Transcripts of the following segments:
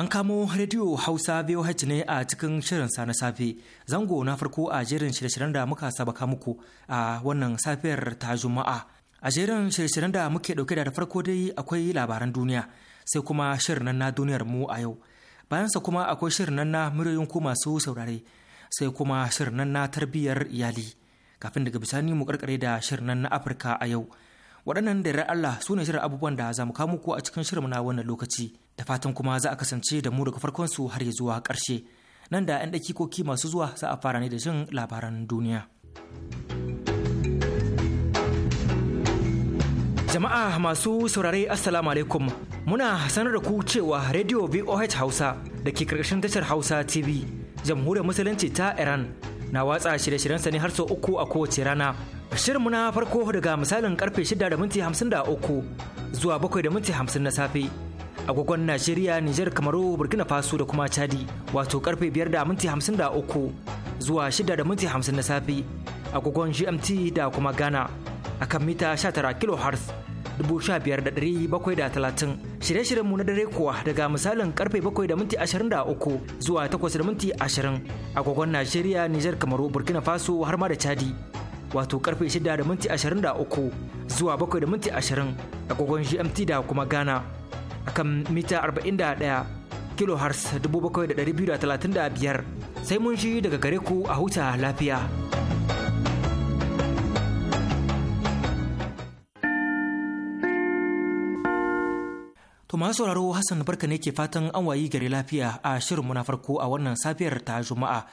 An kamo rediyo Hausa VOH ne a cikin shirin sa na safe. Zango na farko a jerin shirye-shiryen da muka sabaka muku a wannan safiyar ta Juma'a. A jerin shirye-shiryen da muke dauke da farko dai akwai labaran duniya, sai kuma shirin na duniyar mu a yau. Bayansa kuma akwai shirin na muryoyin ku masu saurare, sai kuma shirin na tarbiyyar iyali. Kafin daga bisani mu karkare da shirin na Afirka a yau. waɗannan da Allah su ne shirin abubuwan da za mu kamo ku a cikin shirin na wannan lokaci da fatan kuma za a kasance da mu daga farkon su har ya zuwa ƙarshe nan da 'yan dakikoki masu zuwa za a fara ne da jin labaran duniya. Jama'a masu saurare Assalamu alaikum muna sanar da ku cewa Radio VOH Hausa da ke karkashin tashar Hausa TV jamhuriyar musulunci ta Iran na watsa shirye shiryen sa ne har sau uku a kowace rana Shirinmu na farko daga misalin karfe 6:53 da minti zuwa 7:50 da minti na safe. Agogon Najeriya, Nijar, Kamaru, Burkina Faso da kuma Chadi wato karfe 5:53 da minti zuwa 6:50 da minti na safe. Agogon GMT da kuma Ghana a kan mita 19 kHz 15730 shirye-shiryenmu na dare kuwa daga misalin karfe bakwai da minti uku zuwa takwas da minti 20 agogon Najeriya, Nijar, Kamaru, Burkina Faso har ma da Chadi. wato karfe 6:23 da minti zuwa 7:20 da minti agogon GMT da kuma Ghana akan mita 41 kilohertz 7,235 sai mun shi daga gare ku a huta lafiya. To masu sauraro Hassan barka ne ke fatan an wayi gari lafiya a shirinmu na farko a wannan safiyar ta Juma'a.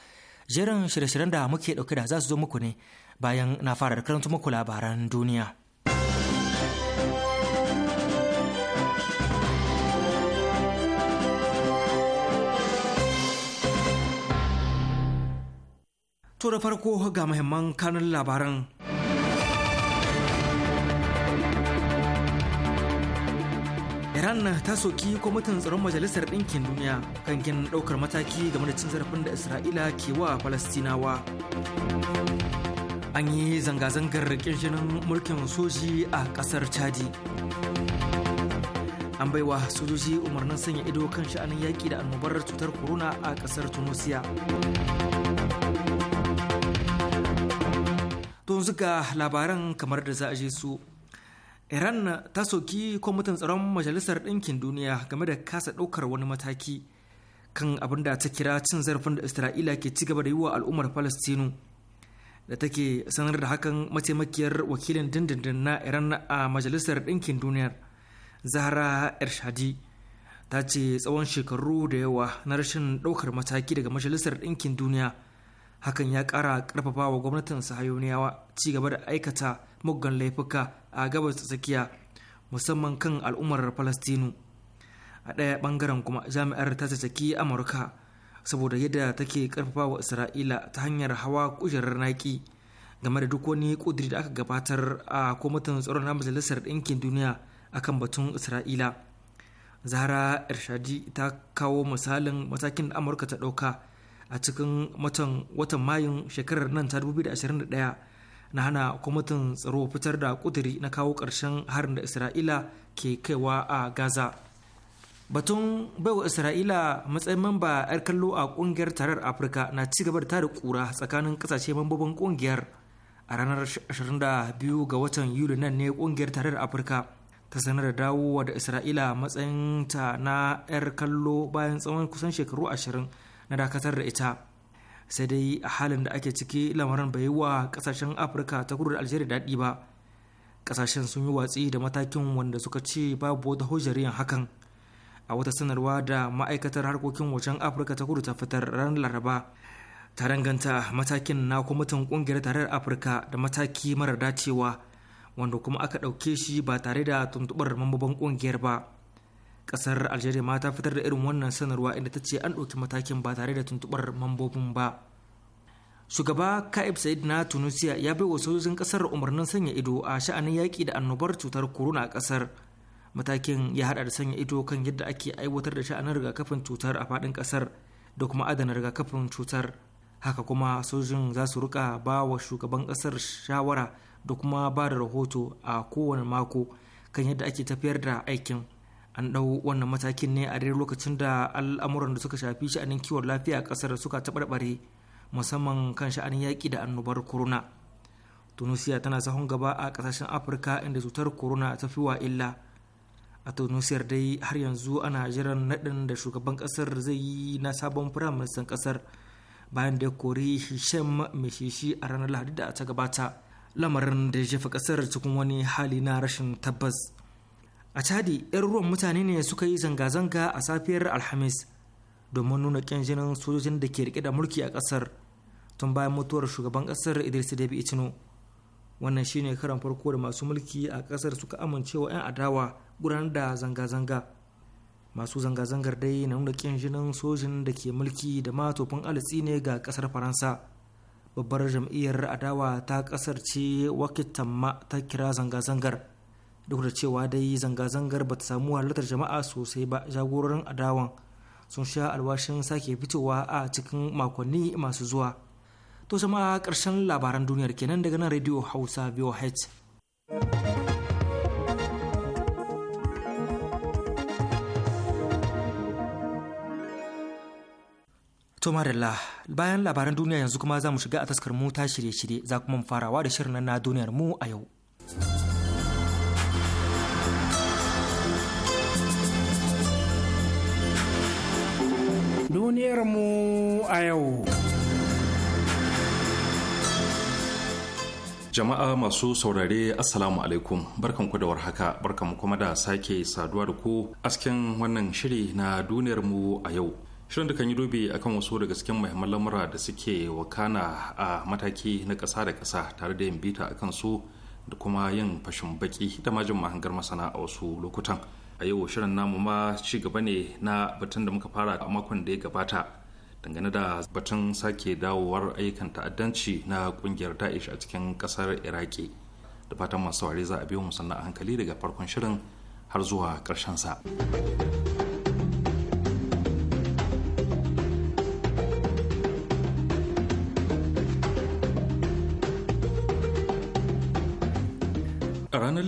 Jerin shirye-shiryen da muke dauke da za su zo muku ne bayan na fara da karanta muku labaran duniya. To da farko ga muhimman kanun labaran. Iran ta soki kwamitin tsaron Majalisar Ɗinkin Duniya kan ɗaukar mataki game da cin zarafin da Isra'ila ke wa Falastinawa. an yi zanga-zangar kirjinin mulkin soji a kasar chadi an baiwa sojoji umarnin sanya ido kan sha'anin yaƙi da annobar cutar corona a ƙasar tunisia don labaran kamar da za a je su iran ta soki kwamitin tsaron majalisar ɗinkin duniya game da kasa ɗaukar wani mataki kan abin da ta kira cin zarafin da isra'ila ke cigaba da yi wa al'ummar falastinu da take sanar da hakan mataimakiyar wakilin dindindin na iran a majalisar ɗinkin duniyar zahra irshadi ta ce tsawon shekaru da yawa na rashin ɗaukar mataki daga majalisar ɗinkin duniya hakan ya ƙara ƙarfafa wa gwamnatin sahayoniyawa ci gaba da aikata muggan laifuka a gabas tsakiya musamman kan al'ummar falastinu a ɗaya ɓangaren kuma jami'ar ta amurka saboda yadda take wa isra'ila ta hanyar hawa kujerar naki game da duk wani kudiri da aka gabatar a kwamitin tsaron na majalisar ɗinkin duniya akan batun isra'ila zahra irshadi ta kawo misalin matakin da amurka ta ɗauka a cikin watan mayun shekarar nan ta 2021 na hana kwamitin tsaro fitar da kuduri na kawo ƙarshen harin da isra'ila ke kaiwa a gaza batun baiwa isra'ila matsayin mamba 'yar kallo a kungiyar tarar afirka na ci gaba da tara kura tsakanin kasashe mambobin kungiyar a ranar 22 ga watan yuli nan ne kungiyar tarar afirka ta sanar da dawowa da isra'ila matsayin ta na 'yar kallo bayan tsawon kusan shekaru 20 na dakatar da ita sai dai a halin da ake ciki lamarin bai wa kasashen afirka ta kudu da algeria daɗi ba kasashen sun yi watsi da matakin wanda suka ce babu wata hujjar yin hakan a wata sanarwa da ma'aikatar harkokin wajen afirka ta kudu ta fitar ran laraba ta danganta matakin na kwamitin kungiyar tarayyar afirka da mataki marar dacewa wanda kuma aka ɗauke shi ba tare da tuntuɓar mambobin kungiyar ba ƙasar algeria ma ta fitar da irin wannan sanarwa inda ta ce an ɗauki matakin ba tare da tuntuɓar mambobin ba shugaba ka'ib said na tunisia ya bai wa sojojin ƙasar umarnin sanya ido a sha'anin yaƙi da annobar cutar corona a ƙasar matakin ya hada da sanya ido kan yadda ake aiwatar da sha'anin rigakafin cutar a faɗin kasar da kuma adana rigakafin cutar haka kuma sojin za su rika ba wa shugaban kasar shawara da kuma ba da rahoto a kowane mako kan yadda ake tafiyar da aikin an dau wannan matakin ne a daidai lokacin da al'amuran da suka shafi sha'anin kiwon lafiya a kasar suka taɓarɓare musamman kan sha'anin yaƙi da annobar corona tunisia tana sahun gaba a kasashen afirka inda cutar corona ta fi wa illa a tunusiyar dai har yanzu ana jiran naɗin da shugaban ƙasar zai yi na sabon firaministan ƙasar bayan da ya kori mai shishi a ranar lahadi da ta gabata lamarin da ya jefa ƙasar cikin wani hali na rashin tabbas a cadi 'yan ruwan mutane ne suka yi zanga-zanga a safiyar alhamis domin nuna ƙin jinin sojojin da ke rike da mulki a ƙasar tun bayan mutuwar shugaban ƙasar idris debi itino wannan shine karan farko da masu mulki a ƙasar suka amincewa 'yan adawa gudanar da zanga-zanga masu zanga-zangar dai na nuna ƙin jinin sojin da ke mulki da matofin alitsi ne ga ƙasar faransa babbar jam'iyyar adawa ta ƙasar ce wakitamma ta kira zanga-zangar duk da cewa dai zanga-zangar ba ta samu halartar jama'a sosai ba jagororin adawan sun sha alwashin sake fitowa a cikin makonni masu zuwa to jama'a ƙarshen labaran duniyar kenan daga nan radio hausa voh To Marilla, bayan labaran duniya yanzu kuma za mu shiga a taskar mu ta shirye-shirye za kuma mu farawa da shirin na duniyar mu a yau. Duniyar mu a yau. Jama'a masu saurare Assalamu alaikum barkanku da warhaka barkanku kuma da sake saduwa da ku asken wannan shiri na duniyar mu a yau. shirin da kan yi dubi akan wasu daga cikin muhimman lamura da suke wakana a mataki na ƙasa da ƙasa tare da yin bita akan su da kuma yin fashin baki da majin mahangar masana a wasu lokutan a yau shirin namu ma ci gaba ne na batun da muka fara a makon da ya gabata dangane da batun sake dawowar ayyukan ta'addanci na kungiyar da'ish a cikin kasar iraki da fatan masu saurari za a biyo musanna a hankali daga farkon shirin har zuwa karshen sa.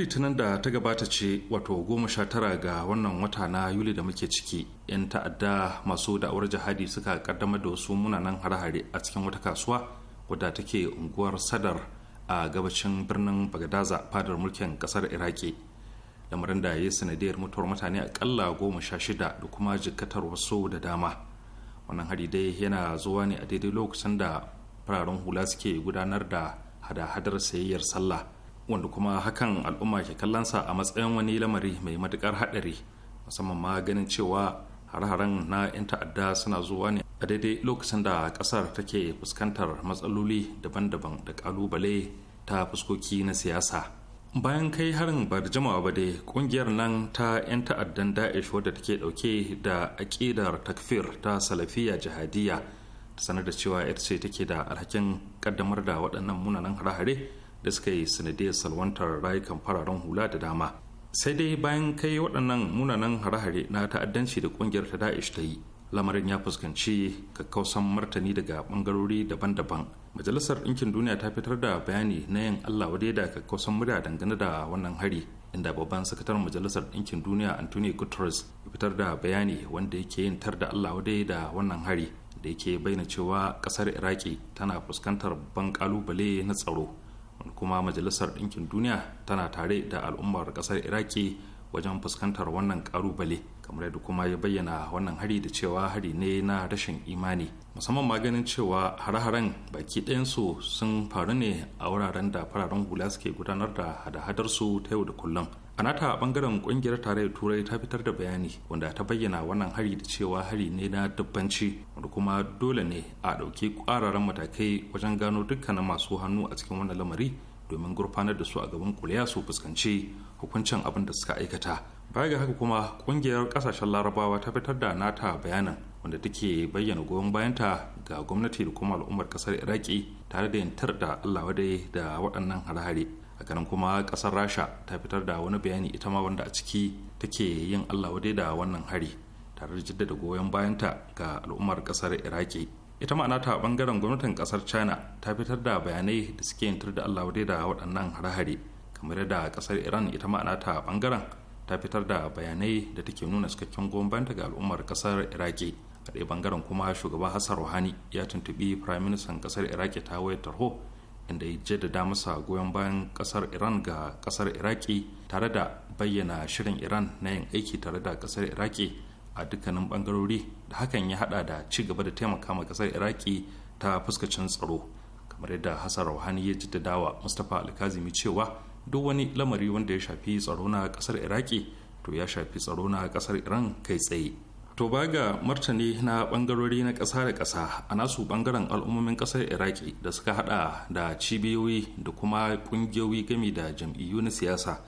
litinin da ta gabata ce wato goma sha tara ga wannan wata na yuli da muke ciki yan ta'adda masu da'awar jihadi suka kaddamar da wasu munanan hare-hare a cikin wata kasuwa wadda take unguwar sadar a gabacin birnin bagadaza fadar mulkin kasar iraki lamarin da ya yi sanadiyar mutuwar mutane akalla goma sha shida da kuma jikatar wasu da dama wannan hari dai yana zuwa ne a daidai lokacin da fararen hula suke gudanar da hada-hadar sayayyar sallah wanda kuma hakan al'umma ke kallonsa a matsayin wani lamari mai matukar haɗari musamman ma ganin cewa hare-haren na 'yan ta'adda suna zuwa ne a daidai lokacin da ƙasar take fuskantar matsaloli daban-daban da ƙalubale ta fuskoki na siyasa bayan kai harin ba da jimawa ba dai kungiyar nan ta 'yan ta'addan da'ish wadda take dauke da aƙidar takfir ta salafiya jihadiyya ta sanar da cewa ita ce take da alhakin kaddamar da waɗannan munanan hare-hare da suka yi sanadiyar salwantar rayukan fararen hula da dama sai dai bayan kai waɗannan munanan hare-hare na ta'addanci da ƙungiyar ta da'ish ta yi lamarin ya fuskanci kakkausan martani daga ɓangarori daban-daban majalisar ɗinkin duniya ta fitar da bayani na yin allah wade da kakkausan murya dangane da wannan hari inda babban sakataren majalisar ɗinkin duniya anthony guterres ya fitar da bayani wanda yake yin tar da allah wade da wannan hari da yake bayyana cewa ƙasar iraki tana fuskantar babban ƙalubale na tsaro wanda kuma majalisar ɗinkin duniya tana tare da al'ummar ƙasar iraki wajen fuskantar wannan ƙalubale kamar yadda kuma ya bayyana wannan hari da cewa hari ne na rashin imani musamman ma ganin cewa hare-haren baki ɗayansu sun faru ne a wuraren da fararen hula suke gudanar da hada-hadarsu ta yau da kullum a nata bangaren kungiyar tarayyar turai ta fitar da bayani wanda ta bayyana wannan hari da cewa hari ne na dabbanci wanda kuma dole ne a ɗauki ƙwararren matakai wajen gano dukkanin masu hannu a cikin wannan lamari domin gurfanar da su a gaban kuliya su fuskanci hukuncin abin da suka aikata baya ga haka kuma kungiyar kasashen larabawa ta fitar da nata bayanin wanda take bayyana goyon bayanta ga gwamnati da kuma al'ummar kasar iraki tare da yantar da allah wadai da waɗannan hare-hare hakanan kuma kasar rasha ta fitar da wani bayani ita ma wanda a ciki take yin allah wadai da wannan hari tare da jaddada goyon bayanta ga al'ummar kasar iraki ita ma'ana ta bangaren gwamnatin kasar china ta fitar da bayanai da suke yantar da allah wadai da waɗannan hare-hare kamar yadda kasar iran ita ma'ana ta bangaren ta fitar da bayanai da take nuna cikakken goyon bayanta ga al'ummar kasar iraki a ɗaya bangaren kuma shugaban hassan ruhani ya tuntubi firayim ministan kasar iraki ta wayar tarho inda ya jaddada masa goyon bayan kasar iran ga kasar iraki tare da bayyana shirin iran na yin aiki tare da kasar iraki a dukkanin bangarori da hakan ya hada da ci gaba da taimaka ma kasar iraki ta fuskacin tsaro kamar yadda hassan rauhani ya jaddada wa mustapha alkazimi cewa duk wani lamari wanda ya shafi tsaro na kasar iraki to ya shafi tsaro na kasar iran kai tsaye to ga martani na bangarori na ƙasa da ƙasa a nasu bangaren al'ummomin ƙasar iraki da suka hada da cibiyoyi da kuma ƙungiyoyi gami da jam'iyyu na siyasa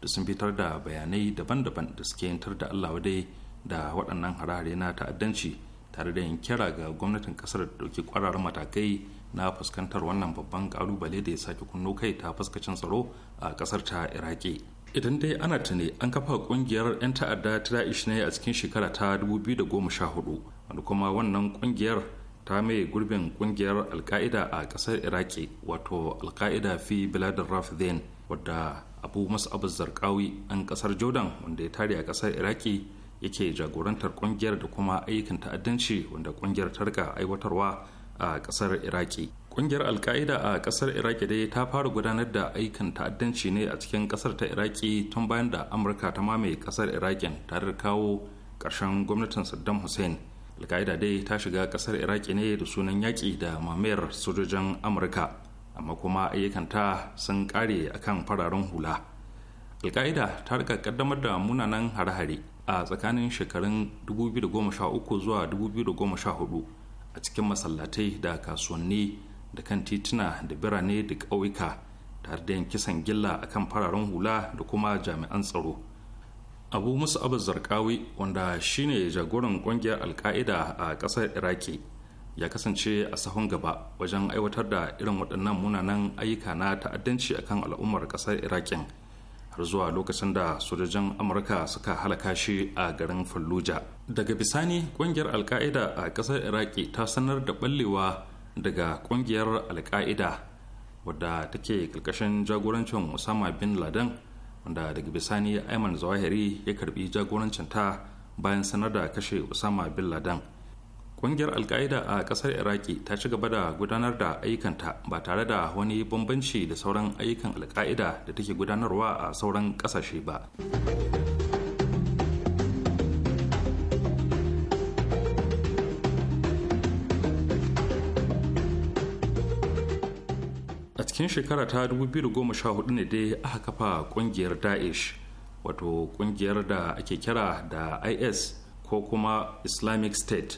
da sun fitar da bayanai daban-daban da suke yantar da allah dai da waɗannan harare na ta'addanci tare da yin kira ga gwamnatin ƙasar da ɗauki ƙwararren matakai na fuskantar wannan babban ƙalubale da ya sake kunno kai ta fuskacin tsaro a ƙasar ta iraki idan dai ana tuni an kafa kungiyar 'yan ta'adda ta da'ish ne a cikin shekara ta 2014 wanda kuma wannan kungiyar ta mai gurbin kungiyar alka'ida a kasar iraki wato alka'ida fi biladar rafidin wadda abu abu zarkawi an kasar jordan wanda ya tare a kasar iraki yake jagorantar kungiyar da kuma ayyukan ta'addanci wanda kungiyar ta rika aiwatarwa a kasar iraki kungiyar alka'ida a kasar iraki dai ta fara gudanar da aikin ta'addanci ne a cikin kasar ta iraki tun bayan da amurka ta mamaye kasar irakin tare da kawo ƙarshen gwamnatin saddam hussein alka'ida dai ta shiga kasar iraki ne da sunan yaƙi da mamayar sojojin amurka amma kuma ayyukanta sun ƙare akan fararen hula alka'ida ta rika kaddamar da munanan hare-hare a tsakanin shekarun 2013 zuwa 2014 a cikin masallatai da kasuwanni da kan tituna da birane da ƙauyuka tare da yin kisan gilla a kan fararen hula da kuma jami'an tsaro abu musu abu zarkawi wanda shine jagoran ƙungiyar alka'ida a ƙasar iraki ya kasance a sahun gaba wajen aiwatar da irin waɗannan munanan ayyuka na ta'addanci akan al'ummar ƙasar iraƙin har zuwa lokacin da sojojin amurka suka halaka shi a garin fallujah daga bisani ƙungiyar alka'ida a ƙasar iraki ta sanar da ɓallewa daga kungiyar alka'ida wadda take karkashin jagorancin usama bin laden wanda daga bisani ayman zawahiri ya karbi jagorancin ta bayan sanar da kashe usama bin laden kungiyar alka'ida a kasar iraki ta ci gaba da gudanar da ayyukanta ba tare da wani bambanci da sauran ayyukan alka'ida da take gudanarwa a sauran kasashe ba cikin shekara ta 2014 ne dai aka kafa kungiyar daesh wato kungiyar da ake kira da is ko kuma islamic state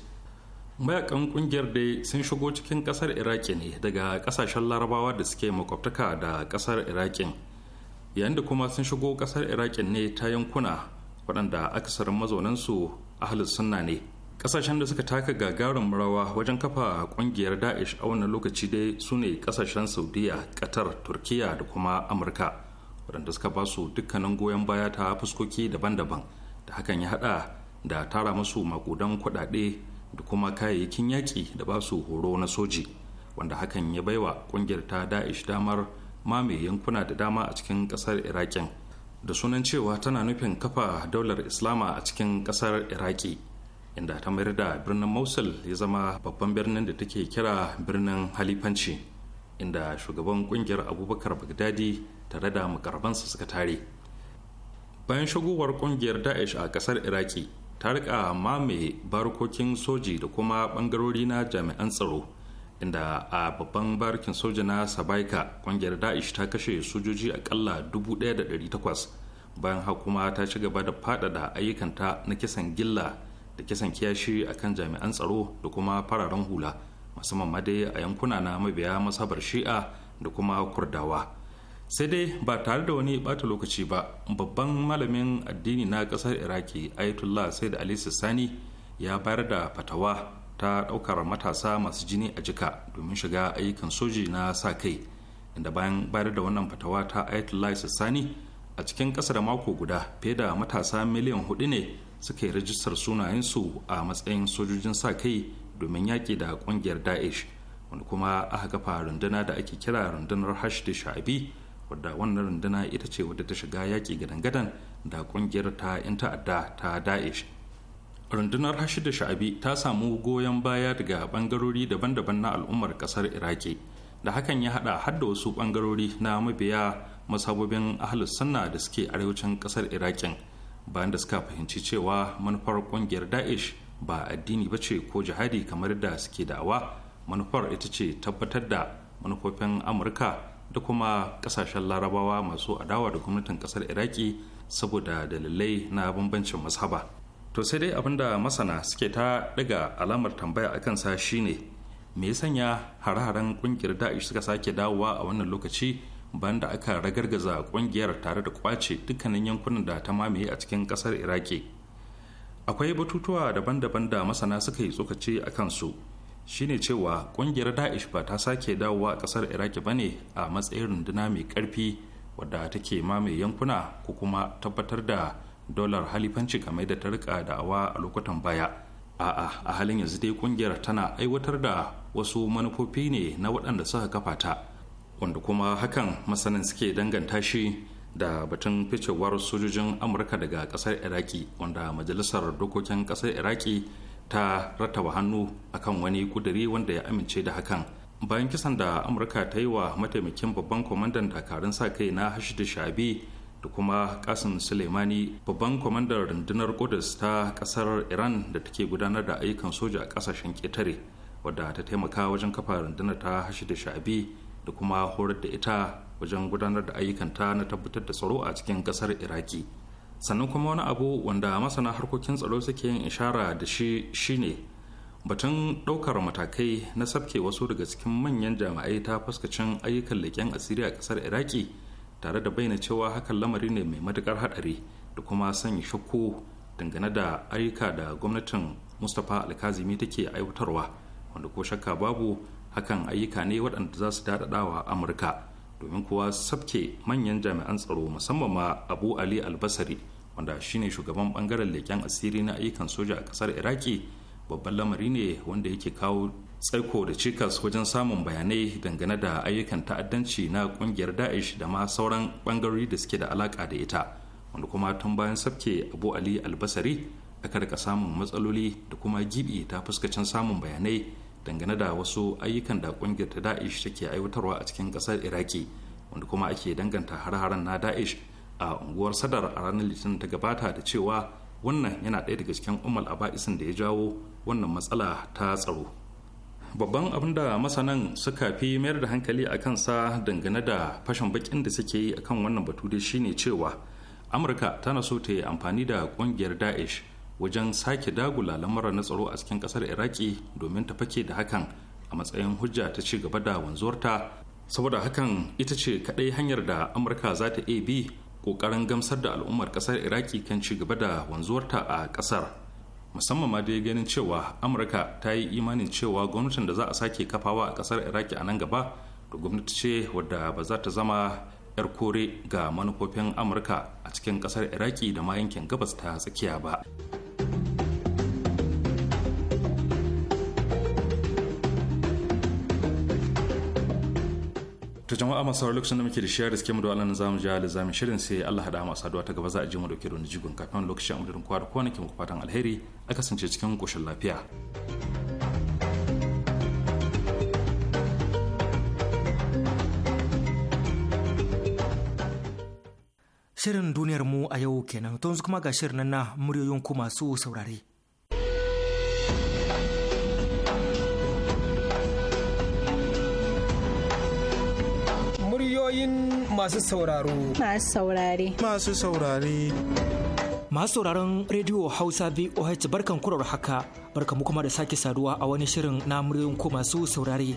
mayakan kungiyar dai sun shigo cikin kasar iraki ne daga kasashen larabawa da suke makwabtaka da kasar iraki yayin da kuma sun shigo kasar irakin ne ta yankuna waɗanda akasarin mazaunansu ahalus sunna ne kasashen da suka taka gagarin rawa wajen kafa kungiyar da'ish a wannan lokaci dai su ne kasashen saudiya qatar turkiya da kuma amurka waɗanda suka ba su dukkanin goyon baya ta fuskoki daban-daban da hakan ya haɗa da tara musu makudan kuɗaɗe da kuma kayayyakin yaƙi da ba su horo na soji wanda hakan ya baiwa kungiyar ta da'ish damar mamaye yankuna da dama a cikin ƙasar iraƙin da sunan cewa tana nufin kafa daular islama a cikin ƙasar iraki inda ta mayar da birnin mosul ya zama babban birnin da take kira birnin halifanci inda shugaban kungiyar abubakar bagdadi tare da mukarbansa suka tare bayan shigowar kungiyar daesh a kasar iraki ta rika mamaye barkokin soji da kuma bangarori na jami'an tsaro inda a babban barkin soja na sabaika kungiyar daesh ta kashe sojoji akalla 1800 bayan hakuma ta ci gaba da faɗaɗa ayyukanta na kisan gilla da kisan kiyashi a kan jami'an tsaro da kuma fararen hula musamman ma dai a yankuna na mabiya masabar shi'a da kuma kurdawa sai dai ba tare da wani bata lokaci ba babban malamin addini na kasar iraki ayatollah said ali sani ya bayar da fatawa ta daukar matasa masu jini a jika domin shiga ayyukan soji na sa kai inda bayan bayar da wannan fatawa ta ayatollah sani a cikin kasa da mako guda fiye da matasa miliyan hudu ne suka yi rajistar sunayensu a matsayin sojojin sa kai domin yaƙi da ƙungiyar daesh wanda kuma aka kafa runduna da ake kira rundunar hash da sha'abi wadda wannan runduna ita ce wadda ta shiga yaƙi gadan-gadan da ƙungiyar ta 'yan ta'adda ta daesh rundunar hashi da sha'abi ta samu goyon baya daga bangarori daban-daban na al'ummar ƙasar iraki da hakan ya haɗa, har da wasu bangarori na mabiya masabobin ahlus sunna da suke arewacin ƙasar irakin bayan da suka fahimci cewa manufar kungiyar daesh ba addini ba ce ko jihadi kamar da suke da'awa manufar ita ce tabbatar da manufofin amurka da kuma kasashen larabawa masu adawa da gwamnatin kasar iraki saboda dalilai na bambancin mashaba to sai dai da masana suke ta daga alamar tambaya a kansa shine me ya sanya hare-haren kungiyar da'ish suka sake dawowa a wannan lokaci bayan da aka ragargaza kungiyar tare da kwace dukkanin yankunan da ta mamaye a cikin kasar iraki akwai batutuwa daban-daban da masana suka yi tsokaci a kansu shine cewa kungiyar da'ish ba ta sake dawowa a kasar iraki ba ne a matsayin runduna mai karfi wadda take mamaye yankuna ko kuma tabbatar da dolar halifanci kamar da ta rika da'awa a lokutan baya a'a a halin yanzu dai kungiyar tana aiwatar da wasu manufofi ne na waɗanda suka kafa ta wanda kuma hakan masanin suke danganta shi da batun ficewar sojojin amurka daga kasar iraki wanda majalisar dokokin kasar iraki ta rattaba hannu akan wani kuduri wanda ya amince da hakan bayan kisan da amurka ta yi wa mataimakin babban kwamandan dakarun sa kai na hashida shabi da kuma kasim suleimani babban kwamandan rundunar kudus ta kasar iran da take gudanar da ayyukan soja a kasashen ketare wadda ta taimaka wajen kafa rundunar ta hashida shabi da kuma horar da ita wajen gudanar da ayyukanta na tabbatar da tsaro a cikin kasar iraki sannan kuma wani abu wanda masana harkokin tsaro suke yin ishara da shi shine batun ɗaukar matakai na sabke wasu daga cikin manyan jami'ai ta fuskacin ayyukan leƙen asiri a ƙasar iraki tare da bayyana cewa hakan lamari ne mai matuƙar haɗari da kuma sanya shakku dangane da ayyuka da gwamnatin mustapha alkazimi take aiwatarwa wanda ko shakka babu hakan ayyuka ne waɗanda za su daɗaɗawa amurka domin kuwa sabke manyan jami'an tsaro musamman ma abu ali albasari wanda shine shugaban bangaren leƙen asiri na ayyukan soja a ƙasar iraki babban lamari ne wanda yake kawo tsaiko da cikas wajen samun bayanai dangane da ayyukan ta'addanci na ƙungiyar da'ish da ma sauran bangarori da suke da alaƙa da ita wanda kuma tun bayan sabke abu ali albasari aka rika samun matsaloli da kuma gibi ta fuskacin samun bayanai dangane da wasu ayyukan da kungiyar ta da'ish take aiwatarwa a cikin kasar iraki wanda kuma ake danganta har-haren na da'ish a unguwar sadar a ranar litinin ta gabata da cewa wannan yana ɗaya daga cikin umar aba'isin da ya jawo wannan matsala ta tsaro babban abin da masanan suka fi mayar da hankali a kansa dangane da fashin bakin da suke yi akan wannan batu dai shine cewa amurka tana so ta yi amfani da kungiyar da'ish wajen sake dagula lamarar na tsaro a cikin kasar iraki domin ta fake da hakan a matsayin hujja ta ci gaba da wanzuwarta saboda hakan ita ce kadai hanyar da amurka za ta iya bi ƙoƙarin gamsar da al'ummar ƙasar iraki kan ci gaba da wanzuwarta a ƙasar musamman ma dai ganin cewa amurka ta yi imanin cewa gwamnatin da za a sake kafawa a ƙasar iraki a nan gaba da gwamnati ce wadda ba za ta zama yar kore ga manufofin amurka a cikin kasar iraki da ma yankin gabas ta tsakiya ba ta jama'a masu sauraron lokacin da muke da shiyar da suke mudu alanin zamu ji da zamu shirin sai Allah hada masu saduwa ta gaba za a ji mu dauke da wani jigon kafin lokacin amurin kwa da kwanakin ku fatan alheri a kasance cikin koshin lafiya. Shirin duniyar mu a yau kenan to yanzu kuma ga shirin nan na muryoyin ku masu saurare. Muryoyin masu sauraro. Masu saurare. Masu saurare. Masu sauraron rediyo Hausa VOH barkan kurar haka barkan mu kuma da sake saduwa a wani shirin na muryoyin ku masu saurare.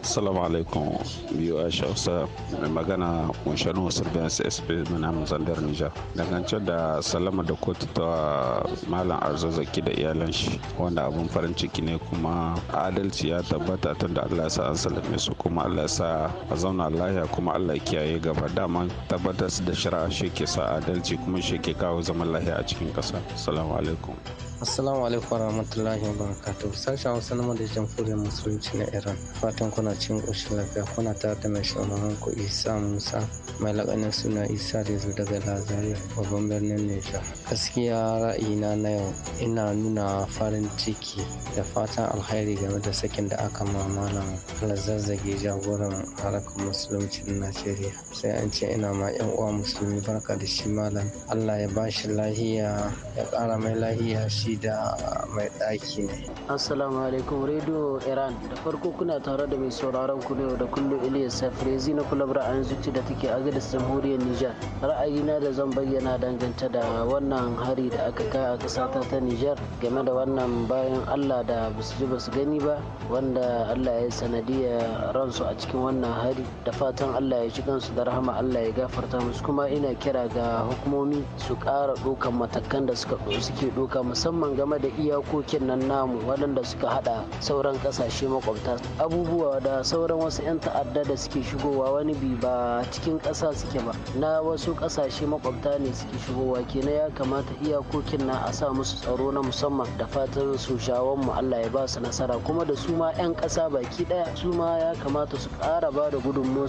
Assalamu alaikum biyu a shausa mai magana na wasu benz sp mana mazandar nijar dangance da salama da kotu ta malam arzazzaki da iyalan shi wanda abun farin ciki ne kuma adalci ya tabbata tun da allah sa an salame su kuma allah sa a zauna lahiya kuma allah kiyaye gaba dama tabbatar da shari'a shi ke sa adalci kuma shi ke kawo zaman lahiya a cikin ƙasa assalamu alaikum Assalamu alaikum warahmatullahi wabarakatuh. Sashen Hausa na da Jamhuriyar Musulunci na Iran. Fatan kuna cin ƙoshin lafiya kuna tare da mai shugaban ku Isa Musa mai lakanin suna Isa da zo daga Lazare babban birnin Neja? Gaskiya ra'ayina na yau ina nuna farin ciki da fatan alkhairi game da sakin da aka mamala zazzage jagoran harakar musulunci na Najeriya. Sai an ce ina ma 'yan uwa musulmi barka da shi malam. Allah ya bashi lahiya ya ƙara mai lahiya shi shi da mai ɗaki ne. Assalamu alaikum Radio Iran da farko kuna tare da mai sauraron ku da kullum Ilyas Safrezi na kulabar an zuci da take agadis jamhuriyar Nijar. Ra'ayina da zan bayyana dangance da wannan hari da aka kai a ƙasa ta ta Nijar game da wannan bayan Allah da basu ji basu gani ba wanda Allah ya sanadiya ransu a cikin wannan hari da fatan Allah ya ci kansu da rahama Allah ya gafarta musu kuma ina kira ga hukumomi su ƙara ɗaukan matakan da suka suke ɗoka musamman musamman game da iyakokin nan namu waɗanda suka hada sauran ƙasashe makwabta abubuwa da sauran wasu 'yan ta'adda da suke shigowa wani bi ba cikin ƙasa suke ba na wasu ƙasashe makwabta ne suke shigowa kenan ya kamata iyakokin na a sa musu tsaro na musamman da fatan su shawon mu Allah ya ba su nasara kuma da su ma 'yan ƙasa baki ɗaya su ma ya kamata su ƙara ba da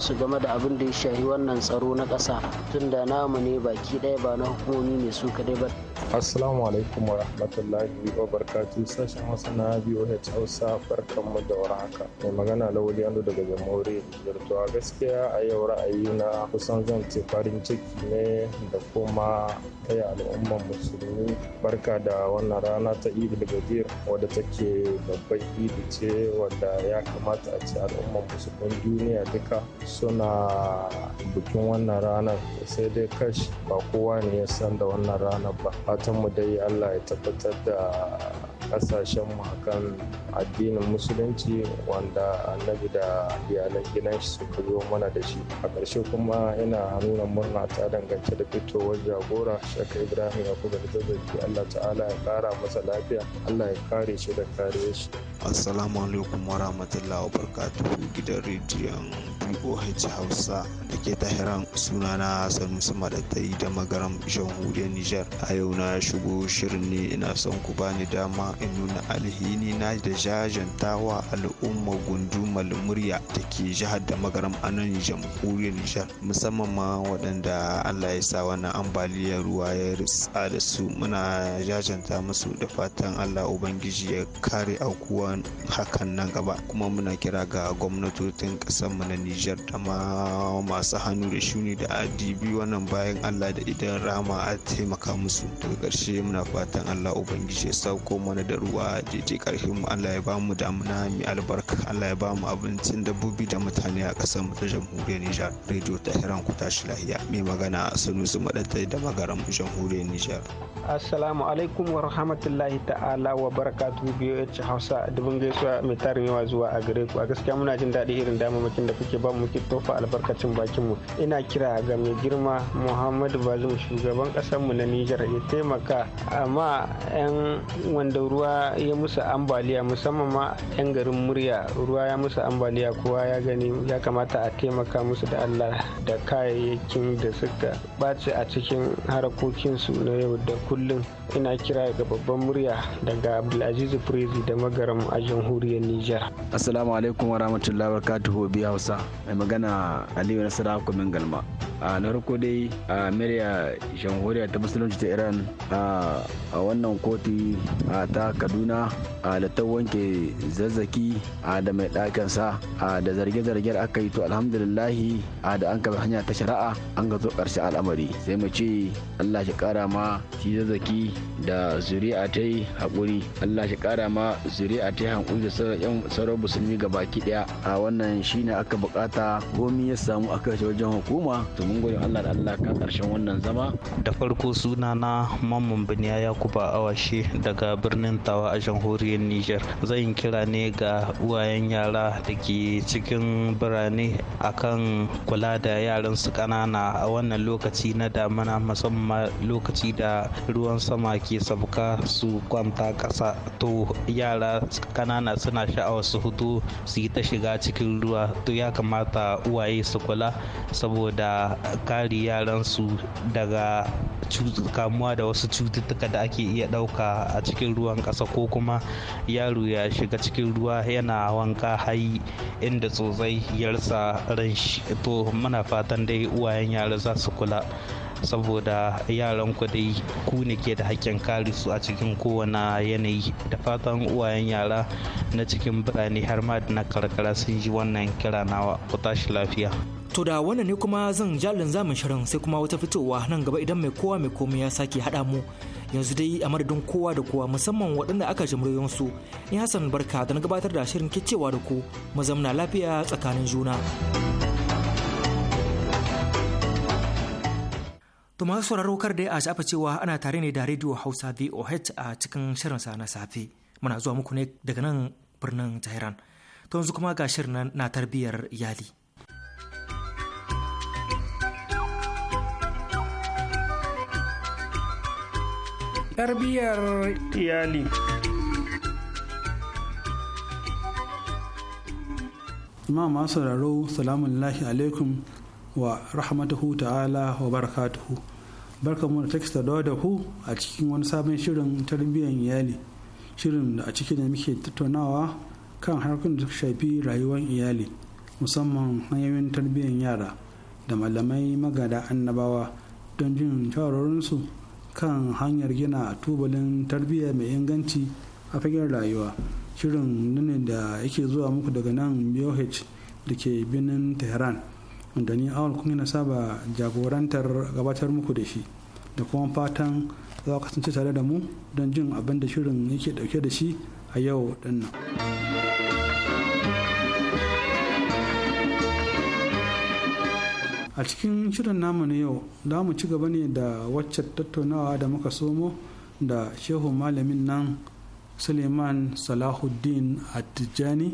su game da abin da ya shahi wannan tsaro na ƙasa tunda namu ne baki ɗaya ba na hukumomi ne su kaɗai ba Assalamu alaikum wa rahmatullahi wa barkatu sashen wasu na BOH Hausa mu da warhaka. Mai magana Lawali Ando daga jamhuri Nijar. a gaskiya a yau ra'ayi na kusan zan ce farin ciki ne da kuma taya al'umman musulmi barka da wannan rana ta da gajiyar wadda take babban idi ce wadda ya kamata a ce al'umman musulmin duniya duka suna bikin wannan ranar sai dai kashi ba kowa ne ya san da wannan ranar ba fatan mu dai allah ya tabbatar da kasashenmu akan addinin musulunci wanda annabi da iyalan gidan shi suka zo mana da shi a ƙarshe kuma yana nuna murna ta dangance da fitowar jagora shaka ibrahim yakubu da allah ta'ala ya ƙara masa lafiya allah ya kare shi da kare shi assalamu alaikum wa rahmatullahi wa barakatuhu gidan rediyon boh hausa da ke tahiran sunana sanusi madatai da magaram jamhuriyar niger a yau na shigo shirin ne ina son ku bani dama in nuna alhini na da jajanta wa al'umma gundumar murya da ke jihar da magaram a nan jamhuriyar nijar musamman ma waɗanda allah ya sa wannan ambaliyar ruwa ya ritsa da su muna jajanta musu da fatan allah ubangiji ya kare aukuwan hakan nan gaba kuma muna kira ga gwamnatocin mu na nijar da ma masu hannu da shuni da adibi wannan bayan allah da idan rama a taimaka musu daga karshe muna fatan allah ubangiji ya sauko mana tare da ruwa daidai karfin mu Allah ya ba mu damuna mai albarka Allah ya ba mu abincin dabbobi da mutane a ƙasar mu ta jamhuriyar Nijar rediyo ta hiran ku tashi lahiya mai magana Sanusi madatta da mu jamhuriyar Nijar Assalamu alaikum wa rahmatullahi ta'ala wa barakatuh biyo ya Hausa dubin gaisuwa mai tarin yawa zuwa a gare ku a gaskiya muna jin daɗi irin damamakin da kuke ba mu ki tofa albarkacin bakin mu ina kira ga mai girma Muhammadu Bazum shugaban ƙasar mu na Nijar ya taimaka amma 'yan wanda ruwa ya musu ambaliya musamman ma yan garin murya ruwa ya musu ambaliya kowa ya gani ya kamata a taimaka musu da allah da kayayyakin da suka bace a cikin harakokinsu na yau da kullum ina kira ga babban murya daga abdulaziz prezi da magaram a jamhuriyar niger assalamu alaikum wa rahmatullahi wa barakatuhu biya hausa mai magana aliyu nasara kumin galma a na farko dai a murya jamhuriyar ta musulunci ta iran a wannan koti ta ta kaduna a da ta wanke zazzaki a da mai ɗakinsa a da zarge-zargen aka yi to alhamdulillahi a da an kaba hanya ta shari'a an ga zo ƙarshe al'amari sai mu ce allah shi ƙara ma shi zazzaki da zuri'a ta yi haƙuri allah shi ƙara ma zuri'a ta yi haƙuri da sauran musulmi baki ɗaya a wannan shine aka buƙata komi ya samu aka shi wajen hukuma to mun gode allah da allah ka ƙarshen wannan zama da farko sunana mamman biniya kuba awashi daga birnin mantawa a jamhuriyar nijar zan kira ne ga uwayen yara da ke cikin birane akan kula da yaran su ƙanana a wannan lokaci na damana musamman lokaci da ruwan sama ke sabka su kwanta ƙasa to yara kanana suna sha'awar su hutu su yi ta shiga cikin ruwa to ya kamata uwaye su kula saboda kare su daga kamuwa da wasu cututtuka da ake iya ɗauka a cikin ruwan kasa ƙasa ko kuma yaro ya shiga cikin ruwa yana wanka hai inda tsotsai ya rasa ran shi to muna fatan dai uwayen yara za su kula saboda yaran ku dai ku ne ke da hakkin kare su a cikin kowane yanayi da fatan uwayen yara na cikin birane har ma da na karkara sun ji wannan kira nawa ku tashi lafiya to da wannan ne kuma zan jalin zamin shirin sai kuma wata fitowa nan gaba idan mai kowa mai komai ya sake haɗa mu yanzu dai a madadin kowa da kowa musamman waɗanda aka jimriyon su ni hassan barka da na gabatar da shirin kicewa da ku mazamna lafiya tsakanin juna to masu sauraro kar da ya shafa cewa ana tare ne da rediyo hausa voh a cikin shirin sa na safe muna zuwa muku ne daga nan birnin tehran to yanzu kuma ga shirin na tarbiyyar iyali tarbiyyar iyali imam masu sauraro salamun lahi alaikum wa rahmatuhu ta'ala wa barakatuhu barka mu da takista da ku a cikin wani sabon shirin tarbiyyar iyali shirin da a cikin da muke tattaunawa kan harkun da shafi rayuwar iyali musamman hanyoyin tarbiyyar yara da malamai magada annabawa don jin shawarorinsu kan hanyar gina tubalin tarbiyya mai inganci a fagen rayuwa shirin nune da yake zuwa muku daga nan boh da ke binin tehran da ni awal kuma na saba jagorantar gabatar muku da shi da kuma fatan za kasance tare da mu don jin abin da shirin yake dauke da shi a yau dinnan. a cikin shirin namu na yau za mu ci gaba ne da wacce tattaunawa da muka somo da shehu malamin nan suleiman salahuddin atijani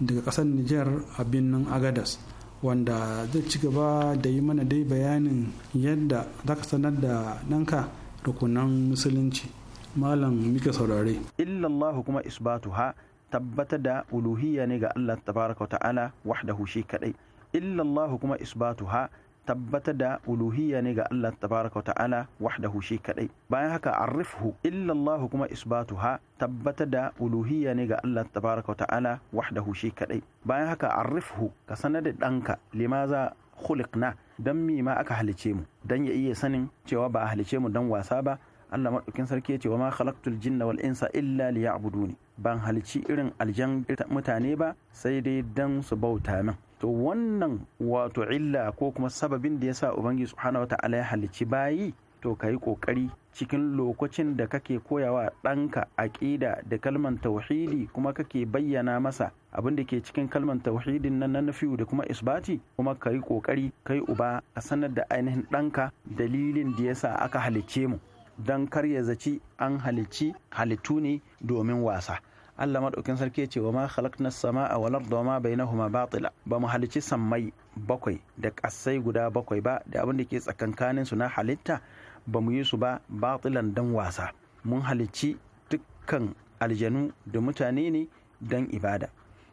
daga ƙasar niger a birnin agadas wanda zai ci gaba da yi mana dai bayanin yadda za ka sanar da ɗanka rukunan musulunci malam muke saurare illallahu kuma isbatu ha tabbata da uluhiyya ne ga allah tabaraka wa ta'ala wahdahu shi kadai illallahu kuma isbatu ha. tabbatar da uluhiyya ne ga Allah tabaraka ta'ala wahdahu shi kadai bayan haka arifhu illa Allah kuma isbatuha tabbatar da uluhiyya ne ga Allah tabaraka ta'ala wahdahu shi kadai bayan haka arifhu ka sanar da danka limaza khuliqna dan mi ma aka halice mu dan ya iya sanin cewa ba a halice mu dan wasa ba Allah maɗaukin sarki ya ce wa ma khalaqtul jinna wal insa illa liya'buduni ban halici irin aljan mutane ba sai dai dan su bauta min to wannan wato illa ko kuma sababin da yasa ubangiji subhanahu ta'ala ya halicci bayi to ka yi cikin lokacin da kake koyawa ɗanka aƙida da kalman tauhidi kuma kake bayyana masa abin da ke cikin kalman tauhidin nan na nafiyu da kuma isbati kuma ka kokari kai uba a sanar da ainihin ɗanka dalilin da yasa aka halicce mu don kar ya zaci an halicci halittu ne domin wasa Allah madaukin sarki ya ce wa ma khalaqna as-samaa wal arda ma bainahuma batila ba mu halici sammai bakwai da kasai guda bakwai ba da abin da ke tsakankanin su na halitta ba mu yi su ba batilan dan wasa mun halici dukkan aljanu da mutane ne dan ibada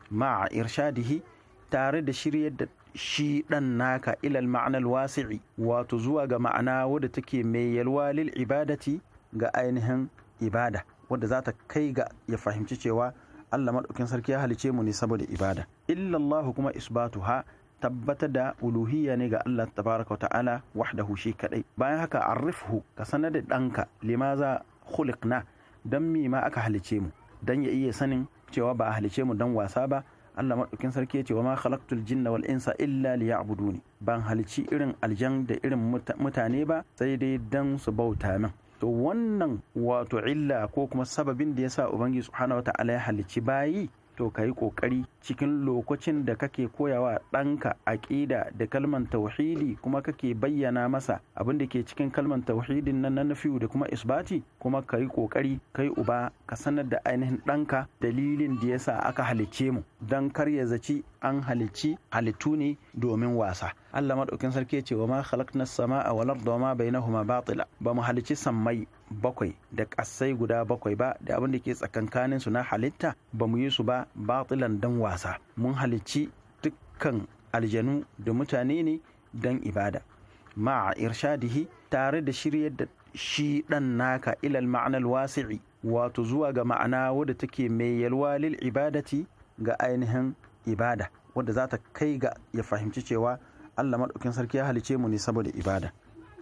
ma'a irshadihi tare da shiryar da shi ɗan naka ilal ma'anar wasi'i wato zuwa ga ma'ana wadda take mai yalwa lil ibadati ga ainihin ibada wadda za ta kai ga ya fahimci cewa Allah maɗaukin sarki ya halice mu ne saboda ibada illallahu kuma isbatu ha tabbata da uluhiyya ne ga Allah tabaraka ta'ala wahdahu shi kadai bayan haka arifhu ka sanar da ɗanka limaza khuliqna dan mi ma aka halice mu dan ya iya sanin cewa ba a halice mu dan wasa ba Allah maɗaukin sarki ya ce wa ma khalaqtul jinna wal insa illa liya'buduni ban halici irin aljan da irin mutane ba sai dai dan su bauta min to wannan wato illa ko kuma sababin da yasa ubangiji subhanahu ta'ala ya halicci bayi to ka yi ƙoƙari cikin lokacin da kake koyawa ɗanka aƙida da kalman tauhidi kuma kake bayyana masa abin da ke cikin kalman tauhidin nan na nufiyu da kuma isbati kuma ka yi ƙoƙari kai uba ka sanar da ainihin ɗanka dalilin da ya sa aka halicce mu don kar ya zaci an halicci halittu ne domin wasa Allah maɗaukin sarki ya ce wa ma khalaqna as-samaa wal arda wa ma bainahuma batila ba mu halicci sammai bakwai da kasai guda bakwai ba da abin da ke tsakankanin su na halitta ba mu yi su ba batilan dan wasa mun halicci dukkan aljanu da mutane ne don ibada ma'a irshadihi tare da shiryar da shi dan naka ilal ma'anar wasi'i wato zuwa ga ma'ana wadda take mai yalwa lil ibadati ga ainihin ibada wadda za ta kai ga ya fahimci cewa Allah maɗaukin sarki ya halice mu ne saboda ibada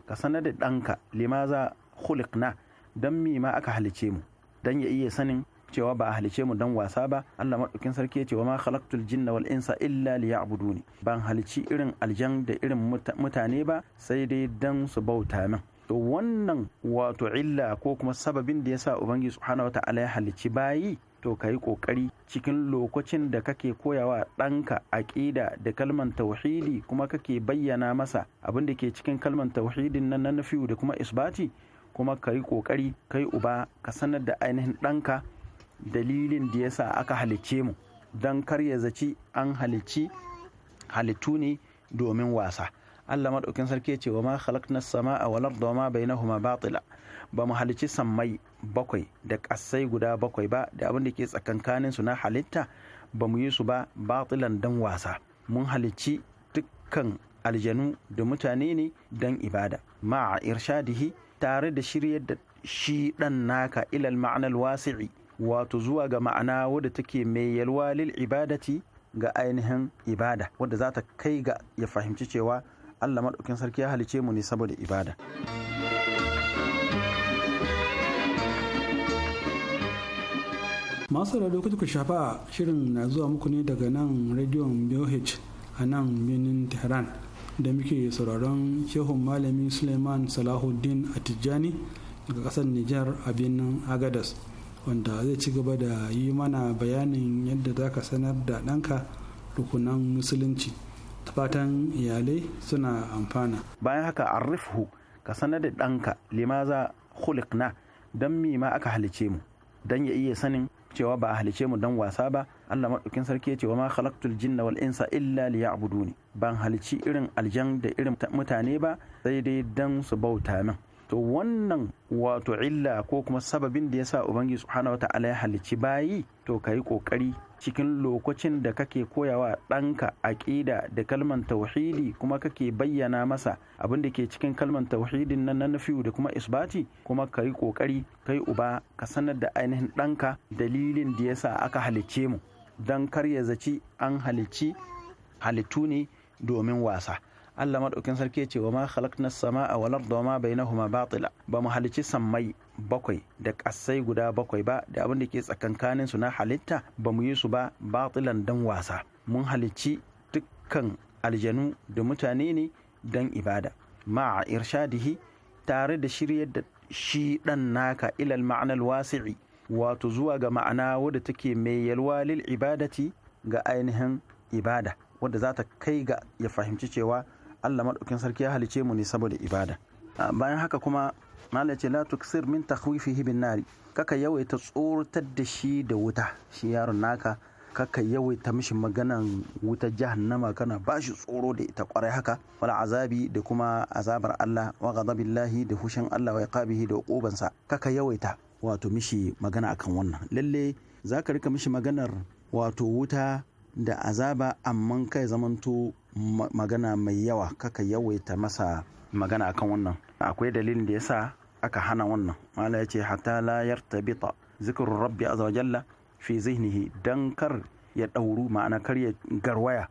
ka sanar da ɗanka limaza khuliqna dan mi ma aka halice mu dan ya iya sanin cewa ba a halice mu dan wasa ba Allah madaukin sarki ya ce wa ma khalaqtul jinna wal insa illa liya'buduni ban halici irin aljan da irin mutane ba sai dai dan su bauta min to wannan wato illa ko kuma sababin da yasa ubangiji subhanahu wataala ya halici bayi to kayi kokari cikin lokacin da kake koyawa ɗanka aƙida da kalman tauhidi kuma kake bayyana masa abin da ke cikin kalman tauhidin nan na nafiyu da kuma isbati kuma ka yi ƙoƙari kai uba ka sanar da ainihin ɗanka dalilin da ya sa aka halicce mu don kar ya zaci an halicci halittu ne domin wasa Allah maɗaukin sarki ce wa ma sama sama'a walar arda wa ma bainahuma batila ba mu halicci sammai bakwai da ƙasai guda bakwai ba da abin da ke tsakankanin su na halitta ba mu yi su ba batilan dan wasa mun halicci dukkan aljanu da mutane ne don ibada a irshadihi tare da shiryar da shi ɗan naka ilal ma'anar wasi'i wato zuwa ga ma'ana wadda take mai yalwa lil ibadati ga ainihin ibada wadda za ta kai ga ya fahimci cewa Allah maɗaukin sarki ya halice mu ne saboda ibada. masu da kuka ku shafa shirin na zuwa muku ne daga nan rediyon BOH a nan birnin Tehran. da muke sauraron shehun malami suleiman salahuddin a tijjani daga ƙasar nijar a birnin agadas wanda zai ci gaba da yi mana bayanin yadda za ka sanar da ɗanka rukunan musulunci ta fatan iyalai suna amfana bayan haka arrifhu ka sanar da ɗanka limaza hulikna don mi ma aka halice mu don ya iya sanin cewa ba a halice mu don wasa ba Allah maɗaukin sarki ya ce wa ma khalaqtul jinna wal insa illa liya'buduni ban halici irin aljan da irin mutane ba sai dai dan su bauta min to wannan wato illa ko kuma sababin da yasa ubangi subhanahu wata'ala ya halici bayi to kayi kokari cikin lokacin da kake koyawa ɗanka aƙida da kalman tauhidi kuma kake bayyana masa abin da ke cikin kalman tauhidin nan na nafiyu da kuma isbati kuma kayi kokari kai uba ka sanar da ainihin ɗanka dalilin da yasa aka halicce mu don kar ya zaci an halicci halittu ne domin wasa Allah maɗaukin sarki ce wa ma na sama a walar. da ma bainahuma batila ba mu halicci sammai bakwai da ƙasai guda bakwai ba da abin da ke tsakankanin su na halitta ba mu yi su ba batilan don wasa mun halicci dukkan aljanu da mutane ne dan ibada ma'a irshadihi tare da shirye da shi ɗan naka ilal ma'anar wasi'i wato zuwa ga ma'ana wadda take mai yalwa lil ibadati ga ainihin ibada wadda za ta kai ga ya fahimci cewa Allah maɗaukin sarki ya halice mu ne saboda ibada bayan haka kuma malam ce la tuksir min takhwifihi bin nari kaka yawaita tsoratar da shi da wuta shi yaron naka kaka yawaita mishi maganan wuta jahannama kana ba shi tsoro da ita kwarai haka wala azabi da kuma azabar Allah wa ghadabillahi da hushin Allah wa iqabihi da uqubansa kaka yawaita wato mishi magana akan wannan lalle za ka rika mishi maganar wato wuta da azaba amma kai zamanto magana mai yawa kaka yawaita masa magana akan wannan akwai dalilin da yasa aka hana wannan mala ya ce hatta la yartabita zikrun rabbi azza wajalla fi zihnihi dan kar ya dauru ma'ana kar ya garwaya